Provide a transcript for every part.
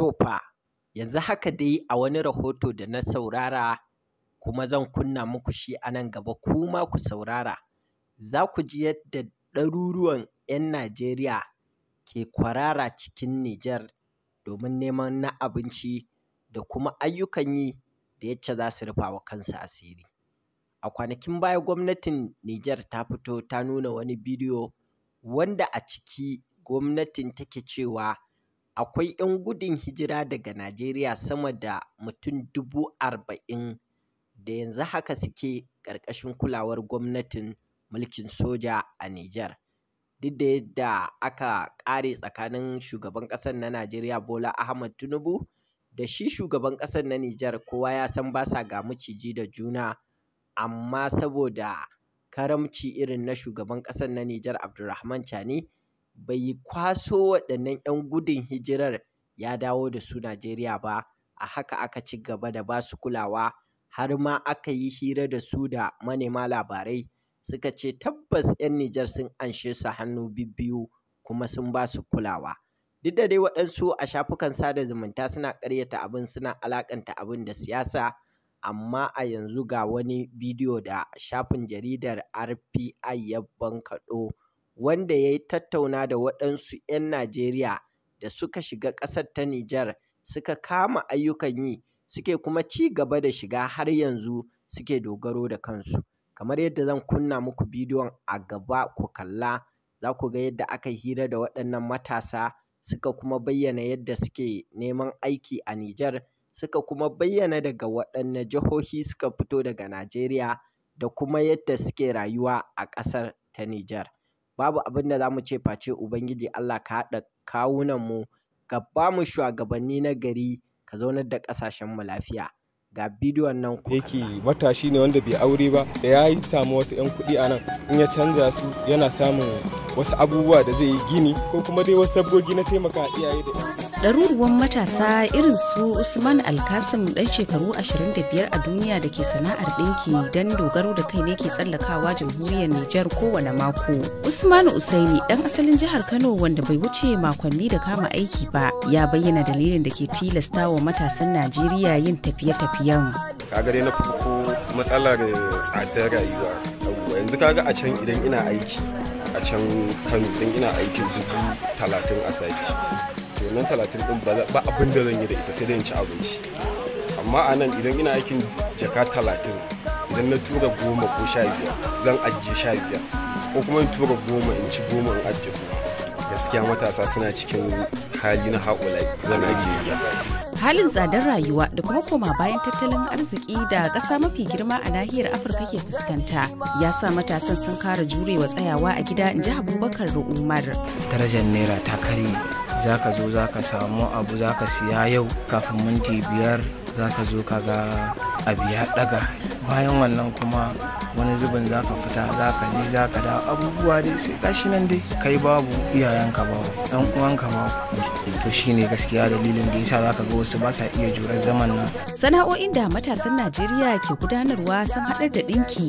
To fa, yanzu haka dai a wani rahoto da na saurara kuma zan kunna muku shi a nan gaba kuma ku saurara, za ku ji yadda ɗaruruwan 'yan Najeriya ke kwarara cikin Nijar domin neman na abinci da kuma ayyukan yi da yacce za su rufa wa kansu asiri. A kwanakin baya gwamnatin Nijar ta fito ta nuna wani bidiyo wanda a ciki gwamnatin take cewa akwai 'yan gudun hijira daga Najeriya sama da mutum dubu arba'in da yanzu haka suke ƙarƙashin kulawar gwamnatin mulkin soja a Nijar. Duk da yadda aka ƙare tsakanin shugaban ƙasar na Najeriya Bola Ahmad Tinubu da shi shugaban ƙasar na Nijar kowa ya san ba sa ga maciji da juna amma saboda karamci irin na shugaban ƙasar na Nijar Abdulrahman Chani bai yi kwaso waɗannan 'yan gudun hijirar ya dawo da su Najeriya ba a haka aka ci gaba da ba su kulawa har ma aka yi hira da su da manema labarai suka ce tabbas 'yan Nijar sun anshe su hannu bibbiyu kuma sun ba su kulawa. Duk da dai waɗansu a shafukan sada zumunta suna karyata abin suna alaƙanta abin da siyasa amma a yanzu ga wani bidiyo da shafin jaridar RFI ya bankaɗo. wanda ya tattauna da waɗansu ‘yan Najeriya da suka shiga ƙasar ta Nijar suka kama ayyukan yi suke kuma ci gaba da shiga har yanzu suke dogaro da kansu. Kamar yadda zan kunna muku bidiyon a gaba ku kalla za ku ga yadda aka yi hira da waɗannan matasa suka kuma bayyana yadda suke neman aiki a Nijar suka kuma bayyana daga waɗanne jihohi suka fito daga Najeriya da kuma yadda suke rayuwa a ƙasar ta Nijar. babu abin da za mu ce face Ubangiji Allah ka haɗa kawunanmu ka ba mu shugabanni na gari ka zaunar da ƙasashenmu lafiya. ga bidiyon nan ku yake matashi ne wanda bai aure ba da ya samu wasu 'yan kuɗi a nan in ya canza su yana samun wasu abubuwa da zai yi gini ko kuma dai wasu sabgogi na taimaka iyaye da ɗaruruwan matasa irin su usman alkasim ɗan shekaru ashirin da biyar a duniya da ke sana'ar ɗinki don dogaro da kai ne ke tsallakawa jamhuriyar nijar kowane mako usman usaini ɗan asalin jihar kano wanda bai wuce makonni da kama aiki ba ya bayyana dalilin da ke tilasta wa matasan najeriya yin tafiye-tafiyen kaga dai na farko matsalar tsadar rayuwa yanzu kaga a can idan ina aiki a can kano don ina aikin dubu talatin a sati to nan talatin din ba abin da zan yi da ita sai dai in ci abinci amma a nan idan ina aikin jaka talatin idan na tura goma ko sha biyar zan ajiye sha biyar ko kuma in tura goma in ci goma in ajiye goma gaskiya matasa suna cikin hali na haƙulai zan ajiye halin tsadar rayuwa da kuma koma bayan tattalin arziki da ƙasa mafi girma a nahiyar afirka ke fuskanta ya sa matasan sun kara jurewa tsayawa a gida in ji abubakar da umar darajar naira ta kari za ka zo za ka samu abu za ka siya yau kafin minti biyar za ka zo ka ga abu ya daga bayan wannan kuma wani zubin za ka fita za ka je za ka da abubuwa dai sai gashi nan dai kai babu iyayenka ba dan uwanka ba to shine gaskiya dalilin da yasa za ka ga wasu ba sa iya jure zaman nan sana'o'in da matasan Najeriya ke gudanarwa sun haɗar da ɗinki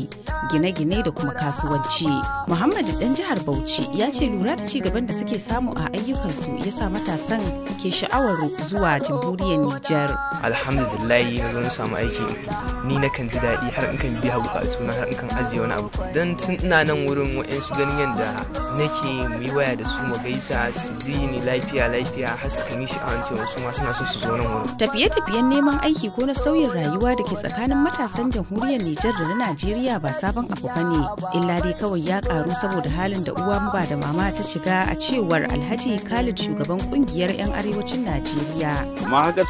gine-gine da kuma kasuwanci Muhammad dan jihar Bauchi ya ce lura da cigaban da suke samu a ayyukansu ya sa matasan ke sha'awar zuwa jamhuriyar Nijar alhamdulillah na zo samu aiki ni na kan ji daɗi har in kan biya bukatu na har in kan ajiye wani abu don tun ina nan wurin wa'ansu ganin yadda nake mu waya da su mu gaisa su ji ni lafiya lafiya har su kani sha'awar cewa su ma suna so su zo nan wurin tafiye-tafiyen neman aiki ko na sauyin rayuwa da ke tsakanin matasan jamhuriyar Nijar da na Najeriya ba sabon abu ba ne illa dai kawai ya karu saboda halin da uwa ba da mama ta shiga a cewar Alhaji Khalid shugaban kungiyar 'yan arewacin Najeriya. haka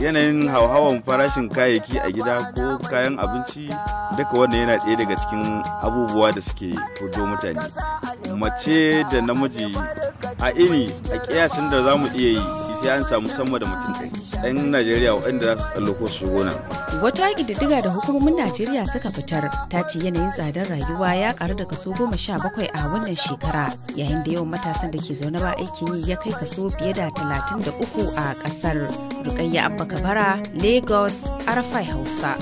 yanayin hauhawan farashin kayayyaki a gida ko kayan abinci abinci duka wannan yana ɗaya daga cikin abubuwa da suke fito mutane mace da namiji a ini a ƙiyasin da za mu iya yi sai an samu sama da mutum ɗari ɗan najeriya waɗanda za su tsalloko su gona wata ƙididdiga da hukumomin najeriya suka fitar ta ce yanayin tsadar rayuwa ya ƙaru da kaso goma sha bakwai a wannan shekara yayin da yawan matasan da ke zaune ba aikin yi ya kai kaso fiye da talatin da uku a ƙasar rukayya abba kabara lagos arfai hausa